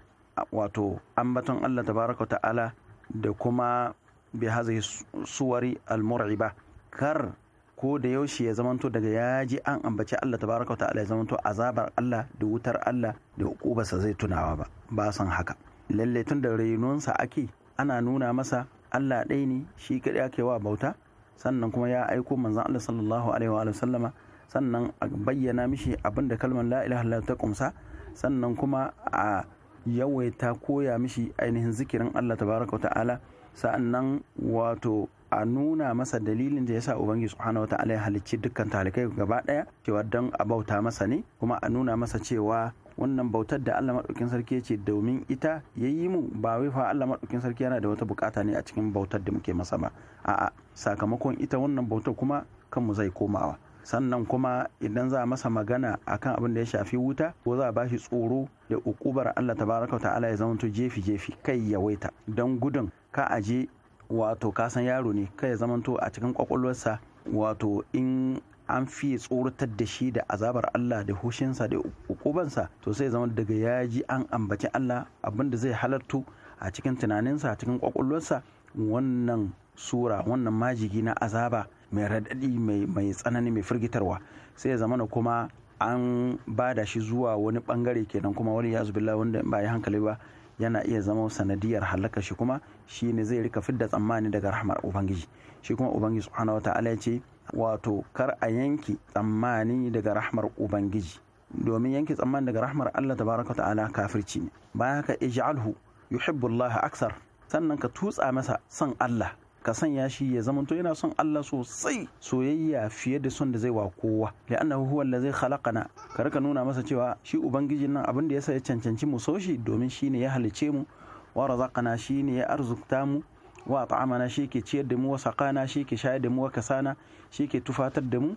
wato ambaton Allah tabaraka ta'ala da kuma bi hazihi suwari almur'iba kar ko da yaushe ya zamanto daga ya ji an ambaci Allah tabaraka ta'ala ya zamanto azabar Allah da wutar Allah da hukubarsa zai tunawa ba ba san haka lalle tun da rainonsa ake ana nuna masa Allah ɗaya ne shi kaɗai ake wa bauta sannan kuma ya aiko manzon Allah sallallahu alaihi wa sallama sannan a bayyana mishi abin da kalmar la ilaha illallah ta kumsa sannan kuma a yawaita koya mishi ainihin zikirin Allah tabaraka ta'ala sa'annan wato a nuna masa dalilin da yasa ubangiji subhanahu wataala ya halicci dukkan talikai gaba daya cewa don a bauta masa ne kuma a nuna masa cewa wannan bautar da Allah maɗaukin sarki ya ce domin ita ya yi mu ba wai fa Allah maɗaukin sarki yana da wata bukata ne a cikin bautar da muke masa ba a'a sakamakon ita wannan bautar kuma kanmu zai komawa sannan kuma idan za a masa magana akan abin da ya shafi wuta ko za a bashi tsoro da ukubar Allah tabaraka wa ta'ala ya zama jefi jefi kai ya waita don gudun ka aje wato kasan yaro ne kai zamanto a cikin kwakwalwarsa wato in an fi tsoratar da shi da azabar Allah da hushinsa da ukubansa to sai zama daga ya ji an ambaci Allah abinda zai halartu a cikin tunaninsa a cikin kwakwalwarsa wannan sura wannan majigi na azaba mai radadi mai tsanani mai firgitarwa sai zama na kuma an bada shi zuwa wani bangare kenan kuma wani ya zubilla wanda ba ya hankali ba yana iya zama sanadiyar halaka shi kuma shi ne zai rika fidda tsammani daga rahmar ubangiji shi kuma ubangiji subhanahu wataala ya ce wato kar a yanke tsammani daga rahmar ubangiji domin yanke tsammani daga rahmar Allah tabaraka ta'ala kafirci ne bayan haka ij'alhu yuhibbu Allah aksar sannan ka tutsa masa son Allah ka sanya shi ya zama to yana son Allah sosai soyayya fiye da son da zai wa kowa da annahu huwa allazi khalaqana ka nuna masa cewa shi ubangijin nan abin da yasa ya cancanci mu so shi domin shine ya halice mu wa razaqana shine ya arzukta mu wa ta'amana shi ke ciyar da mu wa saqana shi ke shayar da mu wa kasana shi ke tufatar da mu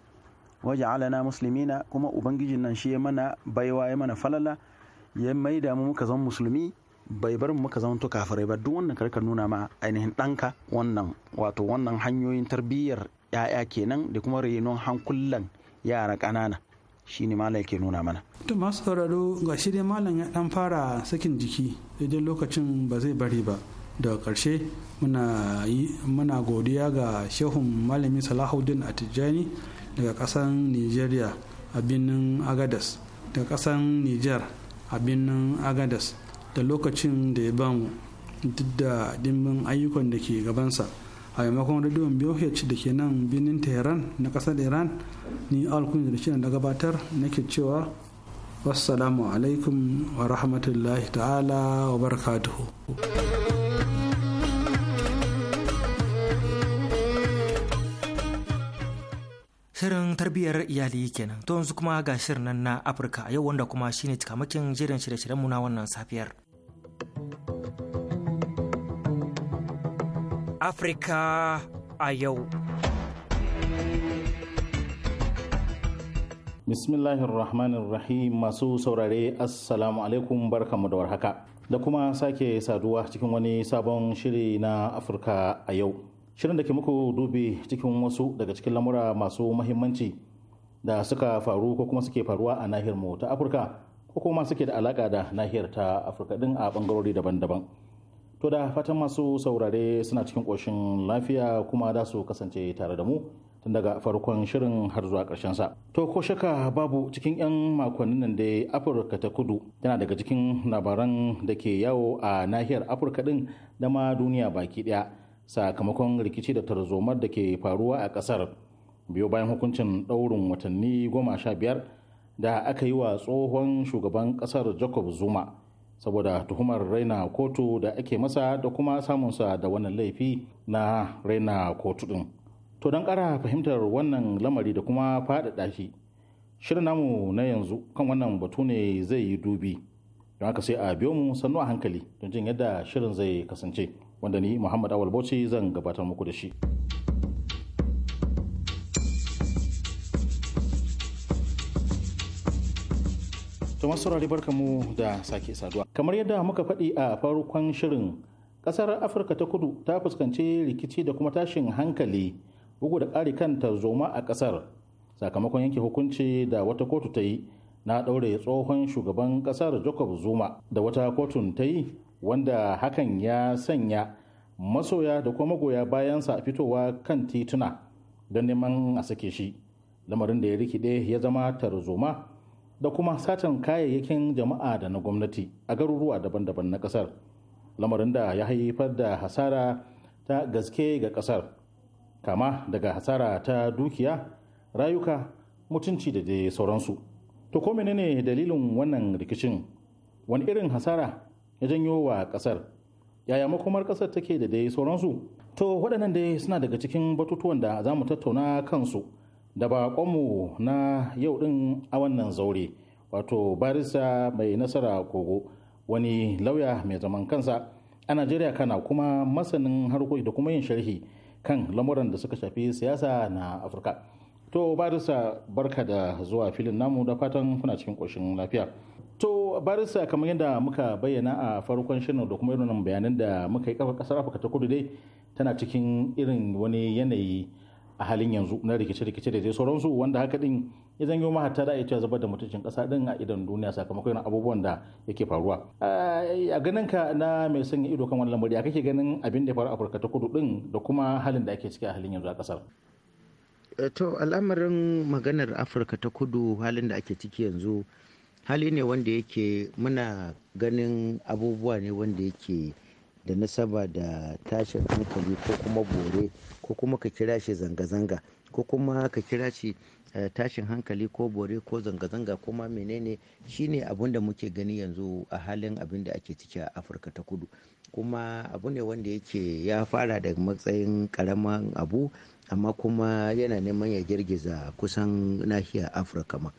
wa ja'alana muslimina kuma ubangijin nan shi ya mana baiwa ya mana falala ya maida mu muka zama musulmi bai bar muka zamanto kafirai ba duk wannan karka nuna ma ainihin ɗanka wannan wato wannan hanyoyin tarbiyyar ‘ya'ya kenan da kuma renon hankulan yara ƙanana shi ne malam ke nuna mana. To masu sauraro ga shi dai malam ya ɗan fara sakin jiki idan lokacin ba zai bari ba. Daga ƙarshe muna godiya ga shehun malami Salahuddin Atijani daga ƙasan Nigeria a birnin Agadas daga ƙasan Niger a birnin Agadas da lokacin da ya mu duk da dimbin ayyukan da ke gabansa a maimakon rediyon BOH da ke nan birnin Tehran na kasar Iran ni alkun da shirin da gabatar nake cewa wassalamu alaikum wa rahmatullahi ta'ala wa barakatuhu. Shirin tarbiyyar iyali kenan to yanzu kuma ga shirin nan na Afirka yau wanda kuma shine cikamakin jiran shirye shiryen na wannan safiyar. Afirka a yau. Bismillahirrahmanirrahim masu saurare Assalamu alaikum barkamu da warhaka da kuma sake saduwa cikin wani sabon shiri na Afirka a yau. Shirin da ke muku dubi cikin wasu daga cikin lamura masu mahimmanci da suka faru ko kuma suke faruwa a nahiyar mu ta Afirka ko kuma suke da alaka da nahiyar ta Afirka din a bangarori daban-daban. to da fatan masu saurare suna cikin ƙoshin lafiya kuma da su kasance tare da mu tun daga farkon shirin har zuwa ƙarshen sa to ko shaka babu cikin 'yan makonnin nan da afirka ta kudu tana daga cikin labaran da ke yawo a nahiyar afirka din da ma duniya baki ɗaya sakamakon rikici da tarzomar da ke faruwa a ƙasar biyo bayan hukuncin ɗaurin watanni goma sha biyar da aka yi wa tsohon shugaban ƙasar jacob zuma saboda tuhumar raina kotu da ake masa da kuma samunsa da wannan laifi na raina kotu din to don kara fahimtar wannan lamari da kuma faɗaɗa shi shirin namu na yanzu kan wannan batu ne zai yi dubi don haka sai a biyo mu sannu a hankali don jin yadda shirin zai kasance wanda ni muhammad awal bauchi zan gabatar muku da shi. to saurari barkamu da sake saduwa kamar yadda muka faɗi a farkon shirin ƙasar afirka ta kudu ta fuskanci rikici da kuma tashin hankali bugu da ƙari kan zoma a ƙasar sakamakon yanke hukunci da wata kotu ta yi na ɗaure tsohon shugaban ƙasar jacob zuma da wata kotun ta yi wanda hakan ya sanya masoya da kuma magoya bayansa fitowa kan tituna don neman a sake shi lamarin da ya rikide ya zama tarzoma da kuma satan kayayyakin jama'a da na gwamnati a garuruwa daban-daban na kasar lamarin da ya haifar da hasara ta gaske ga kasar kama daga hasara ta dukiya rayuka mutunci da dai sauransu to ko menene dalilin wannan rikicin wani irin hasara ya janyo wa kasar yaya makomar kasar take da dai sauransu to waɗannan dai suna daga cikin batutuwan da za mu tattauna kansu da baƙonmu na yau ɗin a wannan zaure wato barista mai nasara kogo wani lauya mai zaman kansa a najeriya kana kuma masanin harkoki da kuma yin sharhi kan lamuran da suka shafi siyasa na afirka to barisa barka da zuwa filin namu da fatan kuna cikin ƙoshin lafiya to barisa kamar yadda muka bayyana a farkon shirin da kuma irin bayanan da muka yi kafa kasar afirka ta kudu dai tana cikin irin wani yanayi a halin yanzu na rikice-rikice da dai sauransu wanda haka din ya zanyo ma hatta da ita zubar da mutuncin kasa din a idan duniya sakamakon abubuwan da yake faruwa a ganin ka na mai sanya ido kan wani lamari a kake ganin abin da ya faru Afirka ta Kudu din da kuma halin da ake ciki a halin yanzu a kasar eh, to al'amarin maganar Afirka ta Kudu halin da ake ciki yanzu hali ne wanda yake muna ganin abubuwa ne wanda yake da nasaba da tashin hankali ko kuma bore ko kuma ka kira shi zanga-zanga ko kuma ka kira shi eh, tashin hankali ko bore ko zanga-zanga kuma ma menene shine abin da muke gani yanzu a halin abin da ake ciki a afirka ta kudu kuma abu ne wanda yake ya fara da matsayin karaman abu amma kuma yana neman ya girgiza kusan nahiyar afirka ma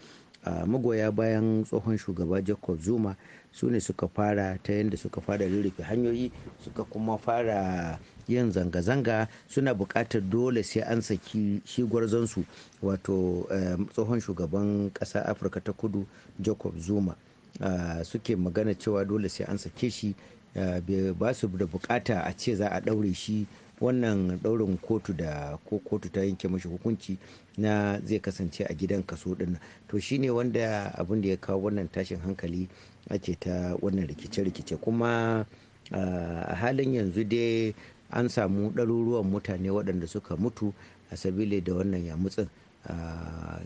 ah, magoya bayan tsohon shugaba jacob zuma su ne suka fara ta yadda suka fara rurrufe hanyoyi suka kuma fara yin zanga-zanga suna bukatar dole sai an saki shi gwarzonsu wato eh, tsohon shugaban ƙasa afirka ta kudu jacob zuma ah, suke magana cewa dole sai an sake shi ah, ba su da bukata a ce za a ɗaure shi wannan ɗaurin kotu da ko kotu ta yanke mashi hukunci na zai kasance a gidan kaso ɗin to shine wanda abin da ya kawo wannan tashin hankali ake ta wannan rikice-rikice kuma a halin yanzu dai an samu ɗaruruwan mutane waɗanda suka mutu a sabili da wannan yamutsin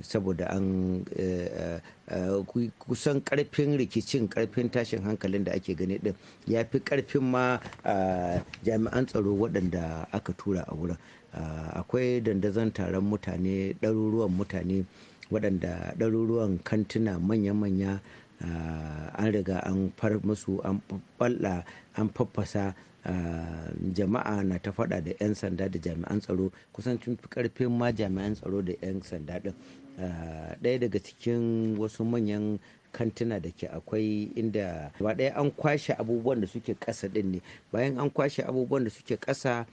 saboda an e, e, e, kusan karfin rikicin karfin tashin hankalin da ake gani din ya fi karfin ma jami'an tsaro waɗanda aka tura a wurin akwai dandazon taron mutane ɗaruruwan mutane waɗanda ɗaruruwan kantuna manya-manya Ah, an riga an far musu an balla an faffasa ah, jama'a na ta faɗa da 'yan sanda da jami'an tsaro kusan tun fi ma jami'an tsaro da 'yan sanda ɗin ah, ɗaya daga cikin wasu manyan kantuna da ke akwai inda ba ɗaya an kwashe abubuwan da suke ƙasa ɗin ne bayan an kwashe abubuwan da suke ƙasa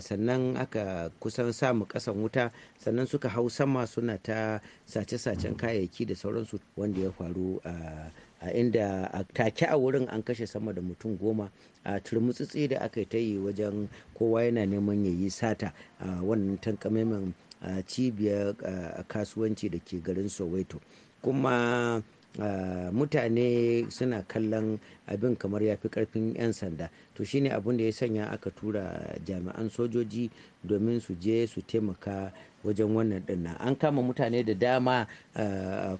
sannan aka kusan samu ƙasan wuta sannan suka hau sama suna ta sace-sacen kayayyaki da sauransu wanda ya faru a inda a take a wurin an kashe sama da mutum goma a turmutsitsi da aka ta yi wajen kowa yana neman ya yi sata a wannan tankamaiman cibiyar kasuwanci da ke garin soweto kuma Eh, mutane suna kallon abin kamar ya fi karfin 'yan sanda to shine abin da ya sanya aka tura jami'an sojoji domin su je su taimaka wajen wannan dinnan an kama mutane da dama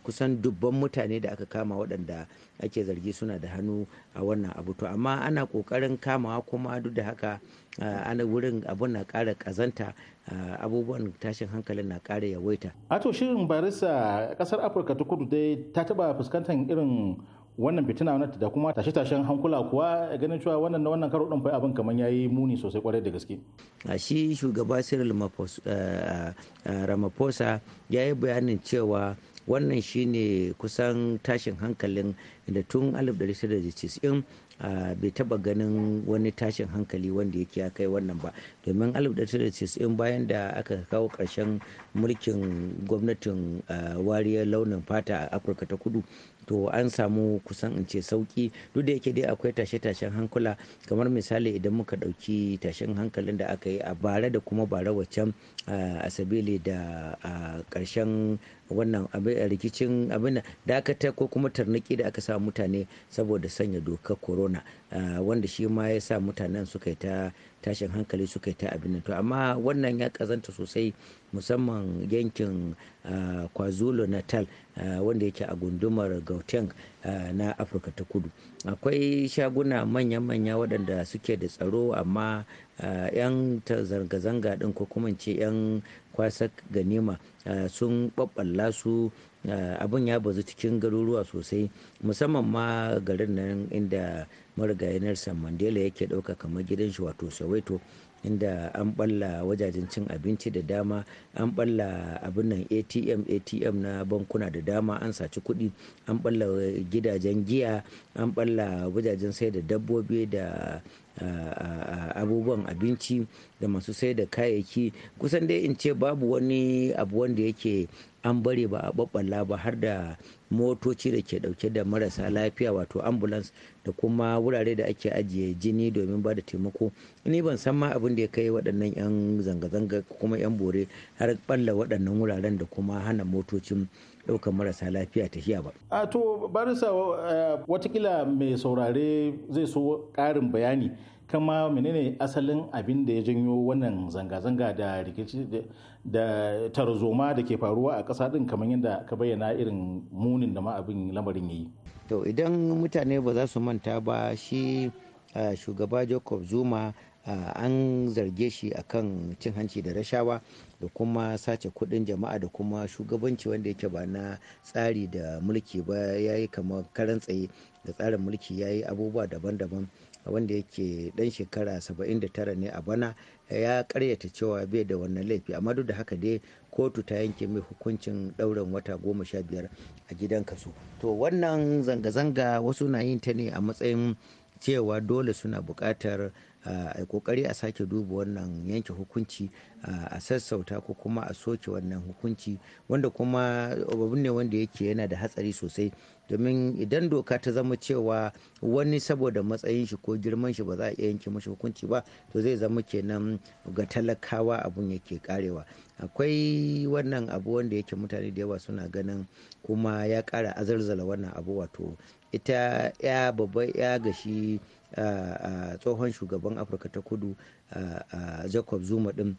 kusan dubban mutane da aka kama waɗanda ake zargi suna da hannu a wannan abu to amma ana ƙoƙarin kamawa kuma duk da haka ana wurin abun na ƙara ƙazanta abubuwan tashin hankalin na ƙara yawaita. a ato shirin barisa ƙasar afirka ta kudu dai ta taɓa fuskantar irin wannan fitina na da kuma tashe-tashen hankula kuwa ganin cewa wannan na wannan karo din fa abin kamar yi muni sosai kwarai da gaske a shi shugaba Cyril Ramaphosa eh, eh, ya yi bayanin cewa wannan shine kusan tashin hankalin da tun 1990 a eh, bai taba ganin wani tashin hankali wanda yake ya kai wannan ba domin 1990 bayan da aka kawo karshen mulkin gwamnatin eh, wariyar launin fata a afirka ta kudu to an samu kusan in ce sauki duk da yake dai akwai tashe-tashen hankula kamar misali idan muka ɗauki tashen hankalin da aka yi a bara da kuma bara waccan eh, a sabili da a ƙarshen wannan rikicin abin da aka ta ko kuma tarniki da aka sa mutane saboda sanya dokar corona wanda shi ma ya sa mutanen suka yi ta tashin hankali suka yi ta abin to amma wannan ya kazanta sosai musamman yankin kwazulu natal wanda yake a gundumar gauteng na afirka ta kudu akwai shaguna manya-manya waɗanda suke da tsaro amma 'yan zanga-zanga ɗin ko kuma ce 'yan kwasa ganima sun ɓaɓɓalla su Eh, abin ya bazu cikin garuruwa sosai musamman ma garin nan inda marigayi san mandela yake dauka kamar gidan shi wato soweto inda an balla wajajen cin abinci da dama an balla abin nan atm atm na bankuna da dama an saci kuɗi an balla gidajen giya an balla wajajen sai da dabbobi da abubuwan abinci da masu sai da kayayyaki kusan dai in ce babu wani abu wanda yake an bare ba a babbala ba har da motoci da ke dauke da marasa lafiya wato ambulance da kuma wurare da ake ajiye jini domin ba da taimako ni ban san ma abin da ya kai waɗannan 'yan zanga-zanga kuma 'yan bore har balla waɗannan wuraren da kuma hana motocin ɗaukar marasa lafiya tafiya ba. a to barisa eh, watakila mai saurare zai so ƙarin bayani kama menene asalin abin da ya janyo wannan zanga-zanga da rikici da tarzoma da ke faruwa a ƙasa din kamar yadda ka bayyana irin munin da ma abin lamarin yi to idan mutane ba za su manta ba shi shugaba jacob zuma an zarge shi a kan cin hanci da rashawa da kuma sace kudin jama'a da kuma shugabanci wanda yake ba na tsari da mulki ba ya yi kamar karan tsaye da tsarin mulki ya yi abubuwa daban-daban wanda yake dan shekara 79 ne a bana ya karyata cewa bai da wannan laifi amma duk da haka dai kotu ta yanke mai hukuncin ɗaurin wata goma sha biyar a gidan kaso to wannan zanga-zanga wasu na yin ta ne a matsayin cewa dole suna buƙatar a kokari a sake duba wannan yanke hukunci a sassauta ko kuma a soke wannan hukunci wanda kuma abu ne wanda yake yana da hatsari sosai domin idan doka ta zama cewa wani saboda matsayin shi ko girman shi ba za a iya yanke mashi hukunci ba to zai zama kenan ga talakawa abun yake karewa akwai wannan abu wanda yake mutane da yawa suna ganin kuma ya kara azarzala wannan abu wato ita ya babban ya gashi a tsohon shugaban afirka ta kudu jacob zuma din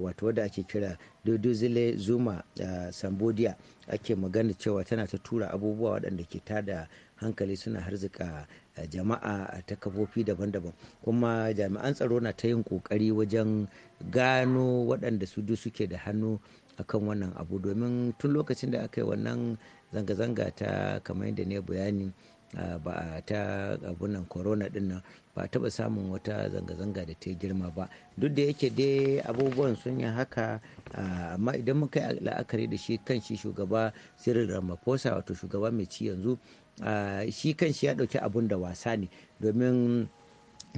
wato wadda ake kira dodozile zuma sambodia ake magana cewa tana ta tura abubuwa waɗanda ke tada hankali suna harzika jama'a ta kafofi daban-daban kuma jami'an tsaro na ta yin ƙoƙari wajen gano waɗanda su suke da hannu akan wannan abu domin tun lokacin da aka yi wannan zanga-zanga ta kamar yadda ne bayani ba a ta abunan corona din nan ba taba samun wata zanga-zanga da ta girma ba duk da yake dai abubuwan sun yi haka amma idan muka yi la'akari da shi kan shi shugaba sirrin ramaphosa wato shugaba mai ci yanzu shi kan shi ya dauki abun da wasa ne domin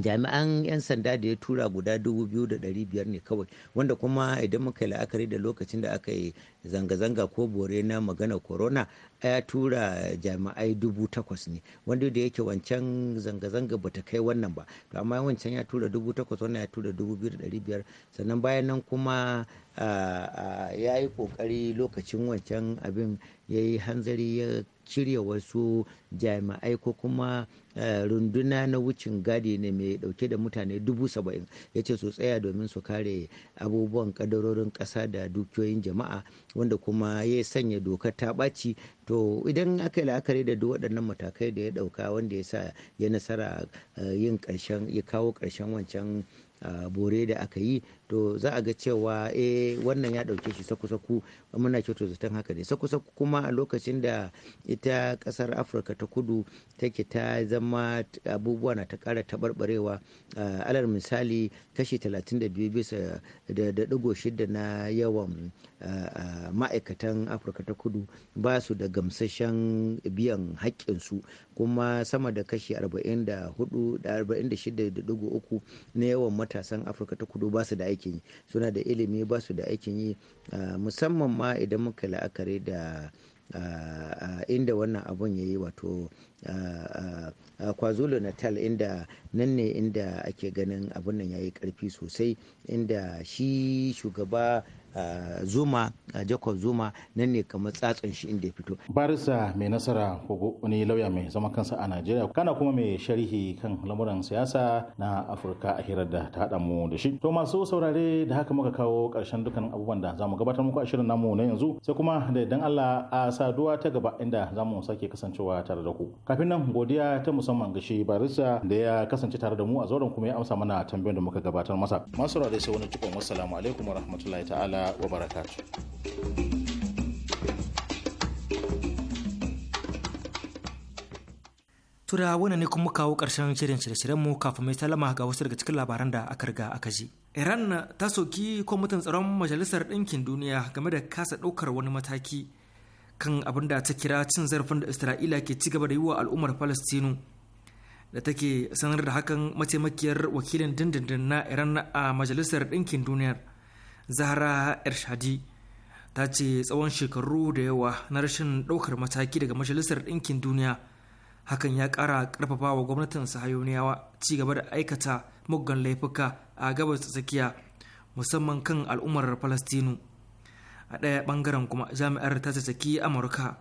jami'an 'yan sanda da ya tura guda 2,500 ne kawai wanda kuma idan muka yi la'akari da lokacin da aka yi zanga-zanga ko bore na magana corona ya tura jami'ai dubu ne wanda da yake wancan zanga-zanga bata kai wannan ba to amma wancan ya tura dubu wannan ya tura dubu sannan bayan nan kuma ya yi kokari lokacin wancan abin ya yi hanzari ya cire wasu jami'ai ko kuma eh, runduna na wucin gadi ne mai dauke da mutane dubu saba'in ya ce su tsaya domin su kare abubuwan kadarorin kasa da dukiyoyin jama'a wanda kuma ya sanya dokar ta ɓaci to idan aka yi la'akari da duk waɗannan matakai da ya ɗauka wanda ya sa ya nasara eh, yin ƙarshen ya kawo ƙarshen wancan bore da aka yi to za a ga cewa eh wannan ya dauke shi saku-saku muna to zaton haka ne saku-saku kuma a lokacin da ita kasar afirka ta kudu take ta zama abubuwa na ta kara taɓarɓarewa alal misali kashi 32 bisa da ɗigo shida na yawan ma'aikatan afirka ta kudu ba su da gamsashen biyan haƙƙinsu kuma sama da kashi 44.46 na yawan matasan afirka ta kudu basu da aikin yi suna da ilimi basu da aikin yi musamman ma idan muka la'akari da inda wannan abun ya yi wato kwazulu natal inda nan ne inda ake ganin abun nan ya yi karfi sosai inda shi shugaba Eh, zuma eh, jacob zuma nan ne kamar tsatsan shi inda ya fito barisa mai nasara kogo wani lauya mai zama kansa a najeriya kana kuma mai sharhi kan lamuran siyasa na afirka a hirar da ta haɗa mu da shi to masu saurare da haka muka kawo ƙarshen dukkan abubuwan da zamu gabatar muku a shirin namu na yanzu sai kuma da idan allah a saduwa ta gaba inda zamu sake kasancewa tare da ku kafin nan godiya ta musamman ga shi barisa da ya kasance tare da mu a zauren kuma ya amsa mana tambayoyin da muka gabatar masa masu saurare sai wani cikon wassalamu alaikum warahmatullahi ta'ala Tura wannan ne kuma kawo ƙarshen shirin shirye-shiryen mu kafin mai salama ga wasu daga cikin labaran da aka riga aka ji. Iran ta soki kwamitin tsaron Majalisar Ɗinkin Duniya game da kasa ɗaukar wani mataki kan abin da ta kira cin zarafin da Isra'ila ke ci gaba da yi wa al'ummar Falastinu. Da take sanar da hakan mataimakiyar wakilin dindindin na Iran a Majalisar Ɗinkin Duniyar. zahra ershadi ta ce tsawon shekaru da yawa na rashin ɗaukar mataki daga majalisar ɗinkin duniya hakan ya ƙara ƙarfafa wa gwamnatin sahayoniyawa ci gaba da aikata muggan laifuka a gabas tsakiya musamman kan al'ummar falastinu a ɗaya ɓangaren kuma jami'ar ta saki amurka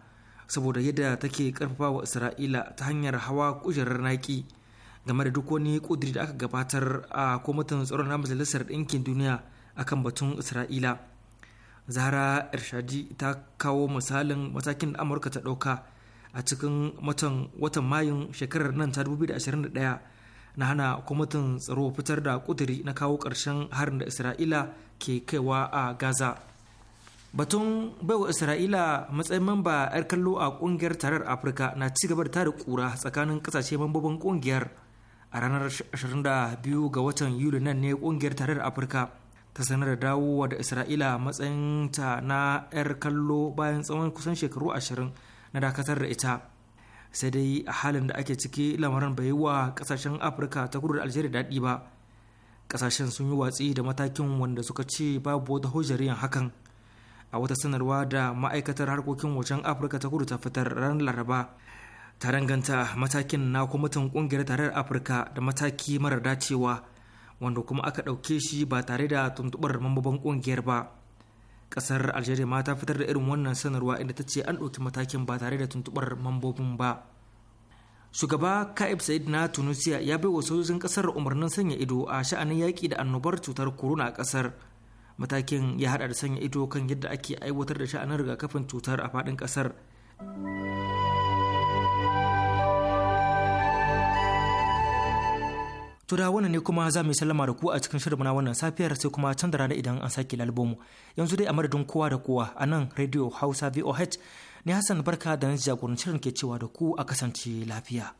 saboda yadda take ƙarfafa wa isra'ila ta hanyar hawa kujerar naƙi game da duk wani ƙudiri da aka gabatar a kwamitin tsaron na majalisar ɗinkin duniya akan batun isra'ila zahra irshadi ta kawo misalin matakin da amurka ta ɗauka a cikin watan mayun shekarar nan ta 2021 na hana kwamitin tsaro fitar da kuduri na kawo ƙarshen harin da isra'ila ke kaiwa a gaza batun baiwa isra'ila matsayin mamba 'yar kallo a kungiyar tarar afirka na ci gaba da tara kura tsakanin kasashe mambobin kungiyar a ranar 22 ga watan yuli nan ne kungiyar tarar afirka ta sanar da dawowa da isra'ila matsayin ta na 'yar kallo bayan tsawon kusan shekaru ashirin na dakatar da ita sai dai a halin da ake ciki lamarin bai yi wa kasashen afirka ta kudu da algeria daɗi ba kasashen sun yi watsi da matakin wanda suka ce babu wata hujjar hakan a wata sanarwa da ma'aikatar harkokin wajen afirka ta kudu ta fitar ran laraba ta danganta matakin na kwamitin ƙungiyar tarayyar afirka da mataki mara dacewa wanda kuma aka ɗauke shi ba tare da tuntuɓar mambobin ƙungiyar ba ƙasar algeria ma ta fitar da irin wannan sanarwa inda ta ce an ɗauki matakin ba tare da tuntuɓar mambobin ba shugaba ka'ib said na tunisia ya bai wa sojojin ƙasar umarnin sanya ido a sha'anin yaƙi da annobar cutar corona a ƙasar matakin ya haɗa da sanya ido kan yadda ake aiwatar da sha'anin rigakafin cutar a faɗin ƙasar Tura wannan ne kuma za mu yi sallama da ku a cikin shirin na wannan safiyar sai kuma can da rana idan an sake mu Yanzu dai a madadin kowa da kowa a nan Radio Hausa VOH ne Hassan Barka da na jagorancin ke cewa da ku a kasance lafiya.